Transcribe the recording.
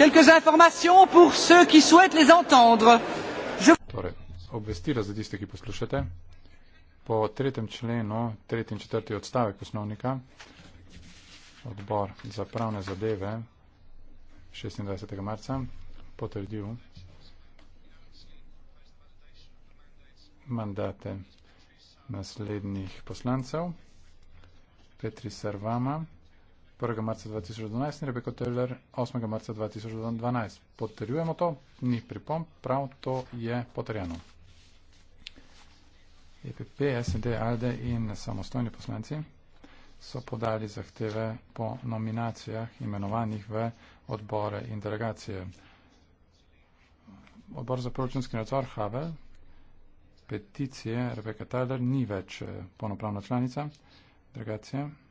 quelques informations pour ceux qui souhaitent les entendre. Je... Torej, obvestila za tiste, ki poslušate. Po tretjem členu, tretji in četrti odstavek osnovnika, odbor za pravne zadeve 26. marca potrdil mandate naslednjih poslancev. Petri Servama. 1. marca 2012 in Rebeko Teller 8. marca 2012. Potrjujemo to, ni pripomp, prav to je potrjeno. EPP, SND, ALD in samostojni poslanci so podali zahteve po nominacijah imenovanih v odbore in delegacije. Odbor za proračunski nadzor HAVE peticije Rebeka Teller ni več eh, ponopravna članica delegacije.